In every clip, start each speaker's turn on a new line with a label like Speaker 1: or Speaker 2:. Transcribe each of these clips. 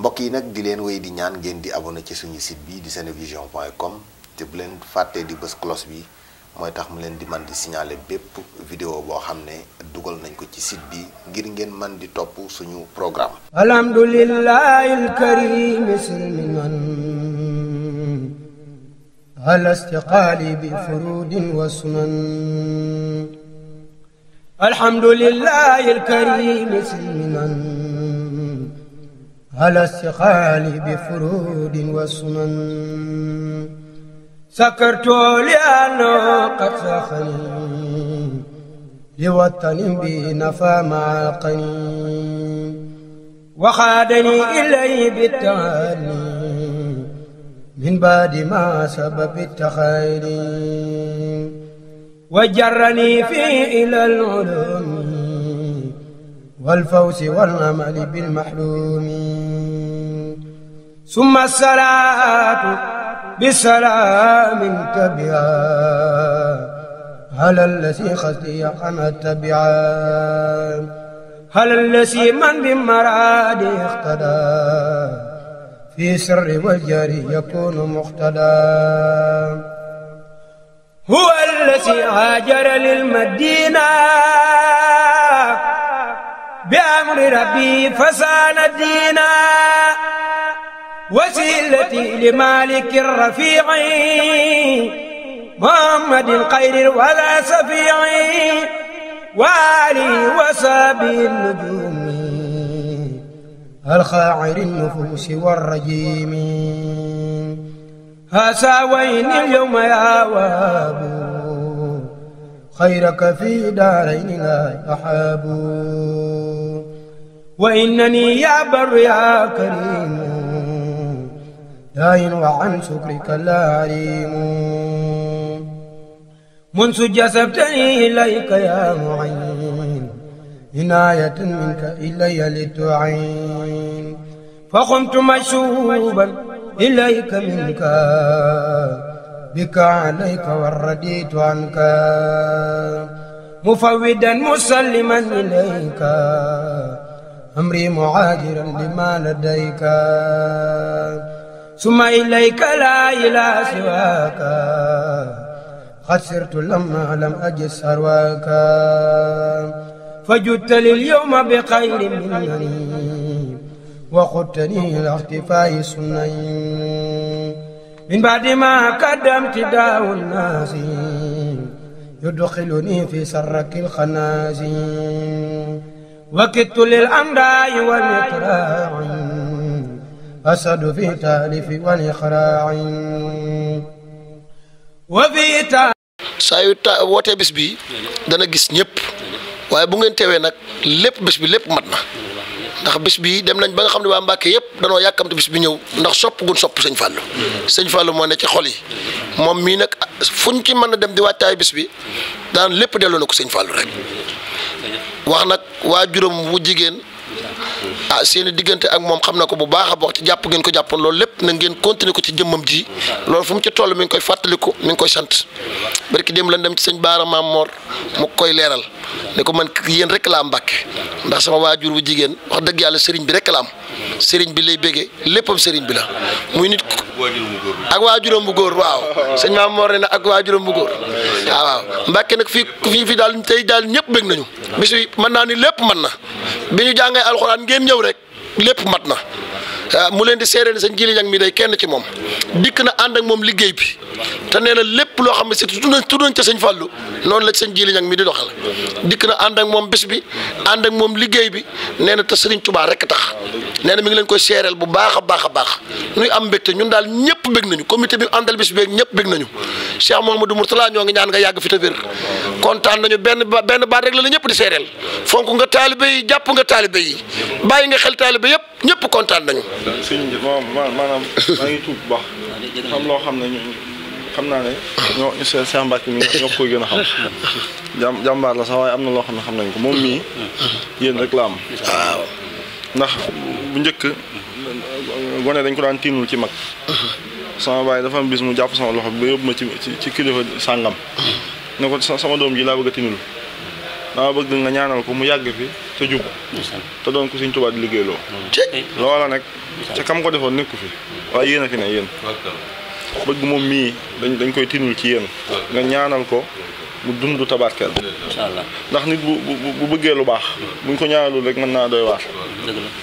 Speaker 1: mbokk yi nag di leen wéy di ñaan ngeen di abonné ci suñu site bi di seen point com te bu leen fàttee di bës cloche bi mooy tax mu leen di man di signaler bépp vidéo boo xam ne dugal nañ ko ci sit bi ngir ngeen man di topp suñu programme
Speaker 2: alhamdulillahi alkarimi silmiman ala bi furudin wa على السخال بفرود وسمن سكرت لأنه قد سخني لوطن بي نفى مع وخادني إليه بالتعالي من بعد ما سبب التخيل وجرني فيه إلى العلوم والفوز والأمل بالمحلوم ثم الصلاة بسلام تبعا على الذي خزي قنى تبعا هل الذي من بمراد اختدى في سر والجاري يكون مقتدى هو الذي هاجر للمدينه بأمر ربي فسان الدين وسيلتي لمالك الرفيع محمد الخير ولا سفيع وآله وصحبه النجوم الخاعر النفوس والرجيم هسا وين اليوم يا وابو خيرك في دارين لا يحابون وإنني يا بر يا كريم داين وعن شكرك العليم منذ جسبتني إليك يا معين إناية منك إلي لتعين فقمت مشوبا إليك منك بك عليك ورديت عنك مفودا مسلما إليك أمري معاجرا لما لديك ثم إليك لا إله سواك خسرت لما لم أجس أرواك فجدت لليوم بخير منني وخدتني لاختفاء سني من بعد ما قدمت داو الناس يدخلني في سرك الخنازين وكدت للأمراء والإقراع أسد في تالف والإقراع
Speaker 1: وفي تالف saa yu ta wootee bis bi dana gis ñëpp waaye bu ngeen teewee nag lépp bis bi lépp mat na ndax bis bi dem nañ ba nga xam ne waa Mbàkke yëpp danoo yàkkamte bis bi ñëw ndax sopp gun sopp sëñ Fallou sëñ Fallou moo ne ci xol yi moom mii nag fuñ ci mën a dem di waajtaay bis bi daan lépp delloo na ko sëñ Fallou rek wax nag waajuram wu jigéen ah seeni diggante ak moom xam na ko bu baax a baax ci jàpp ngeen ko jàppoon loolu lépp na ngeen continuer ko ci jëmmam ji loolu fu mu ci toll mi ngi koy fàttaliku mi ngi koy sant barki dem lan dem ci sëñ Baara maamoor Moor mu koy leeral ne ko man yéen rek la am Mbàkke ndax sama waajur wu jigéen wax dëgg yàlla sëriñ bi rek la am sëriñ bi lay béggee léppam sëriñ bi la muy nit ak waajuram bu góor waaw sëñ Maam Moor ne na ak waajuram bu góor waaw waaw Mbàkke nag fii fii fii daal tey daal ñëpp bég nañu bis mën naa ni lépp mën na bi ñu jàngee alxuraan ngeen ñëw rek lépp mat na euh, mu leen di seeree ni sëñ Jili Ñang mi day kenn ci moom dikk na ànd ak moom liggéey bi te nee na lépp loo xam ne si tuddoon tuddoon ca sëñ Fàllu noonu la sëñ Jili Ñang mi di doxal dikk na ànd ak moom bés bi ànd moom liggéey bi nee na te sëriñ Tubaa rek tax nee na mi ngi leen koy seereel bu baax a baax a baax nuy am mbégte ñun daal ñëpp bég nañu comité bi àndal bés beeg ñëpp bég nañu Cheikh Mouhamadou Mourtala ñoo ngi ñaan nga yàgg fi te wér kontaan nañu benn benn baat rek la la ñëpp di seereel fonk nga taalibe yi jàpp nga taalibe yi bàyyi nga xel taalibe yëpp ñëpp kontaan
Speaker 3: nañu. sëñ bi maanaam am loo xam ne ñu naa ne ñoo Cheikh Mbacke mi ñoo koy xam jàm jàmbaar sax waaye am na loo xam ne xam nañ ko moom mii yéen rek la am waaw ndax bu njëkk gone dañ ko daan tiinul ci mag sama baay dafa am bis mu jàpp sama loxo bi ba yóbbu ma ci ci kilifa sàngam ne ko sama doom ji laa bëgg a tinul dama bëgg nga ñaanal ko mu yàgg fi te jub te doon ko Sëñ Tuubaa di liggéeyloo mm. loola nag ca kam ko defoon nekku fi mm. waaye yéen a fi ne yéen bëgg moom mii dañ dañ koy tinul ci yéen nga ñaanal ko mu dund tabarkeel ndax nit bu bu bëggee lu baax mm. buñ ko ñaanalul rek mën naa doy waar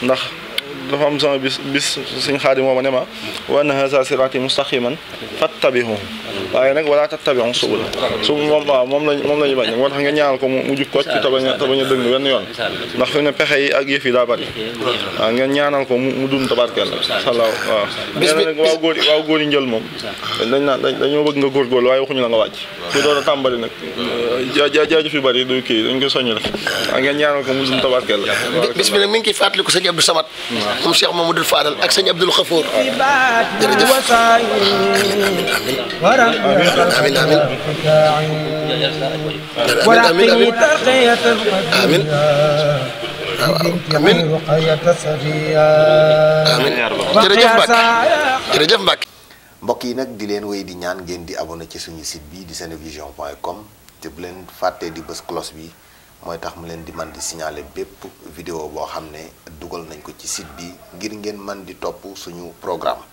Speaker 3: ndax دفهم زم بس بس سنخادم ومنما وأن هذا صراطي مستقيما فاتبعوه waaye ah, nag wala tattabi'u subula su moom waaw moom lañ moom la ñu bañ moo tax nga ñaanal ko mu jub ko ci tabañ a tabañ a dëng wenn yoon ndax fi ne pexe yi ak yëf yi daa bari waaw ah, ngeen ñaanal ko mu dund tabarkeel salaaw waaw dañoo bëgg nga góorgóorlu waaye waxuñu la nga wàcc su doon a tàmbali nag jaajëf yu bari du kii dañ ko soññ rek waaw ah, ngeen ñaanal ko mu dund tabarkeel bis bi nag mi ngi ciy fàttali ko sëñ Abdou Samad moom Cheikh
Speaker 1: Mamadou Fadal ak sëñ Abdoul Khafour amin. Amin amin amin. آمين آمين amin. Amin آمين
Speaker 2: amin. Amin amin amin. Amin yi amin.
Speaker 1: di amin amin. di ñaan ngeen di abonné ci suñu site bi di te bu di cloche bi tax mu di man di signaler vidéo nañ ko ci site bi ngir ngeen man di suñu programme